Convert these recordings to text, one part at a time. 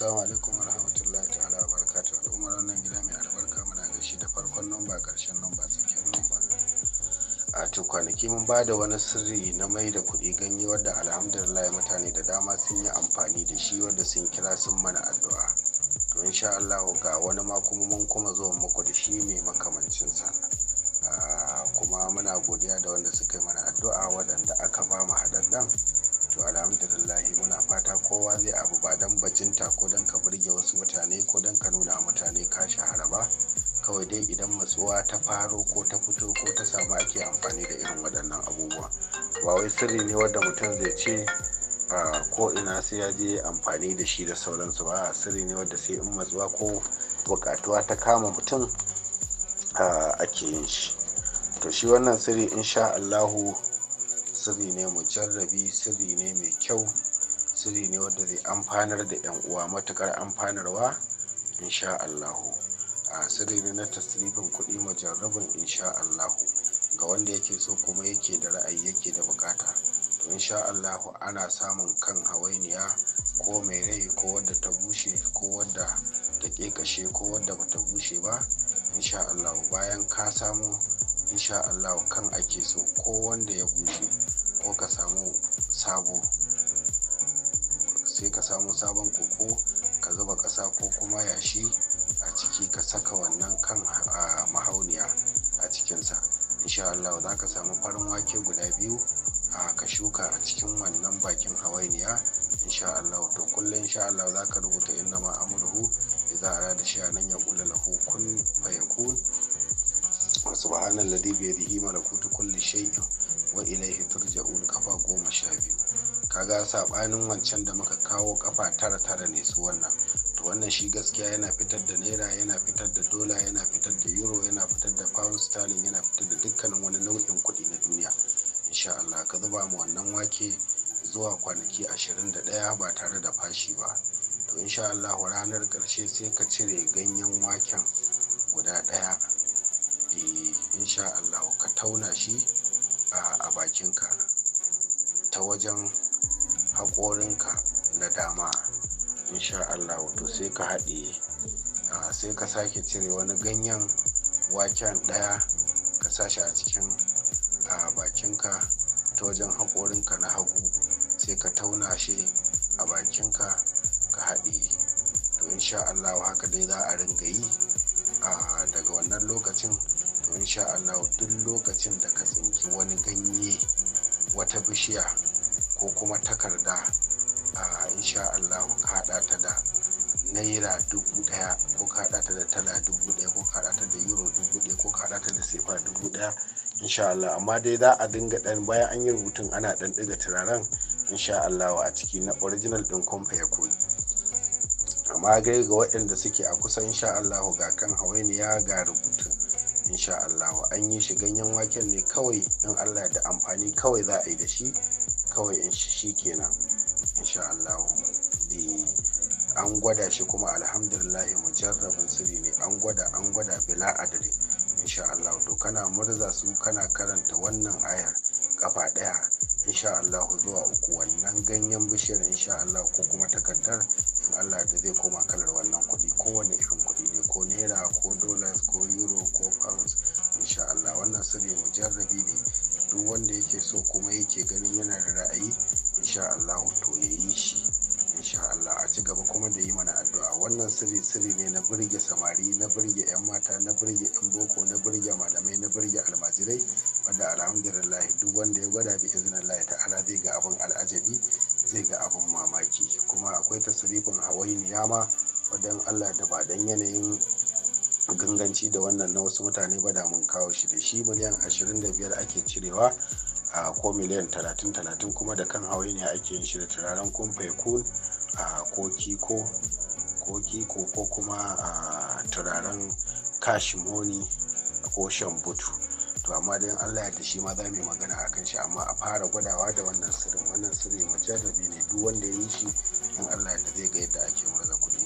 Assalamu alaikum wa rahmatullahi ta'ala wa barakatuh al'ummar wannan gida mai albarka muna gashi da farkon namba karshen namba tsakiyar ba. a to kwanaki mun ba da wani sirri na mai da kuɗi ganye wadda alhamdulillah mutane da dama sun yi amfani da shi wadda sun kira sun mana addu'a to insha Allah ga wani ma kuma mun kuma zo muku da shi mai makamancin sa ah, kuma muna godiya da wanda suka yi mana addu'a waɗanda aka ba mu haɗaɗɗen to alhamdulillahi muna fata kowa zai abu ba don bajinta ko don ka burge wasu mutane ko don ka nuna mutane ka shahara ba kawai dai idan matsuwa ta faro ko ta fito ko ta samu ake amfani da irin waɗannan abubuwa ba wai sirri ne wanda mutum zai ce ko ina sai ya je amfani da shi da sauransu ba sirri ne wanda sai in matsuwa ko bukatuwa ta kama mutum ake yin shi to shi wannan sirri insha allahu sirri ne mu jarrabi sirri ne mai kyau sirri ne wanda zai amfanar da 'yan uwa matukar amfanarwa insha Allahu a sirri ne na tasrifin kuɗi majarrabin insha Allahu ga wanda yake so kuma yake da ra'ayi yake da bukata to insha Allahu ana samun kan hawainiya ko mai rai ko wadda ta bushe ko wadda ta kashe ko wadda bata bushe ba insha Allahu bayan ka samu insha Allah kan ake so ko wanda ya bushe ko ka samu sabo sai ka samu sabon koko ka zuba ƙasa ko kuma yashi a ciki ka saka wannan kan a mahauniya a cikinsa insha Allah za ka samu farin wake guda biyu a ka shuka a cikin wannan bakin hawainiya insha Allah to kullum insha Allah za ka rubuta inna ma amurhu shi a nan ya kula lahu kun fayakun wa subhanan ladi bi yadihi malakutu kulli shay'in wa ilaihi turja'un kafa goma sha biyu kaga sabanin wancan da muka kawo kafa tara tara ne su wannan to wannan shi gaskiya yana fitar da naira yana fitar da dola yana fitar da euro yana fitar da pound sterling yana fitar da dukkanin wani nau'in kuɗi na duniya insha Allah ka zuba mu wannan wake zuwa kwanaki ashirin da 21 ba tare da fashi ba to insha Allah ranar karshe sai ka cire ganyen waken guda ɗaya Eh, insha Allah ka tauna shi a bakinka ta wajen haƙorinka na dama insha Allah to sai ka haɗe sai ka sake cire wani ganyen waken ɗaya ka sa shi a cikin bakinka ta wajen haƙorinka na hagu sai ka tauna shi a bakinka ka haɗe to insha Allah haka dai za a ringa yi daga wannan lokacin to insha Allah duk lokacin da ka tsinki wani ganye wata bishiya ko kuma takarda a insha Allah ka haɗa ta da naira dubu ɗaya ko ka haɗa ta da tala dubu ɗaya ko ka haɗa ta da euro dubu ɗaya ko ka haɗa ta da sefa dubu ɗaya insha Allah amma dai za a dinga ɗan bayan an yi rubutun ana ɗan ɗiga turaren insha Allah a ciki na original ɗin kwamfa ya koyi amma gai ga waɗanda suke a kusa insha Allah ga kan hawainiya ga rubutun insha Allah an yi shi ganyen waken ne kawai in Allah da amfani kawai za a yi da shi kawai in shi kenan insha Allah an gwada shi kuma alhamdulillah mujarrabin siri ne an gwada an gwada bila adadi insha Allah to kana murza su kana karanta wannan ayar kafa daya insha Allah zuwa uku wannan ganyen bishiyar insha Allah ko kuma takardar in Allah da zai koma kalar wannan yake ganin yana da ra'ayi insha Allah to ya yi shi insha Allah a ci gaba kuma da yi mana addu'a wannan sirri sirri ne na burge samari na burge 'yan mata na burge 'yan boko na burge malamai na burge almajirai wanda alhamdulillah duk wanda ya gwada bi izinin ta'ala zai ga abin al'ajabi zai ga abin mamaki kuma akwai tasirifin hawainiya ma wadan Allah da ba dan yanayin ganganci da wannan na wasu mutane ba da mun kawo shi da shi miliyan 25 ake cirewa a ko miliyan 30-30 kuma da kan ne ake yin shi da turaren kumfai kun a ko kiko ko kuma a turaren kashimoni ko shan butu to amma dai allah ya shi ma za mu yi magana a kan shi amma a fara gwadawa da wannan sirri wannan sirri mujallabi ne duk wanda ya yi shi in allah ya zai ga yadda ake murza kuɗi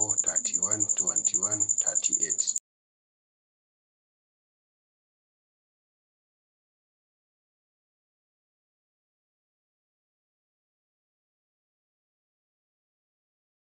Igbo 31 to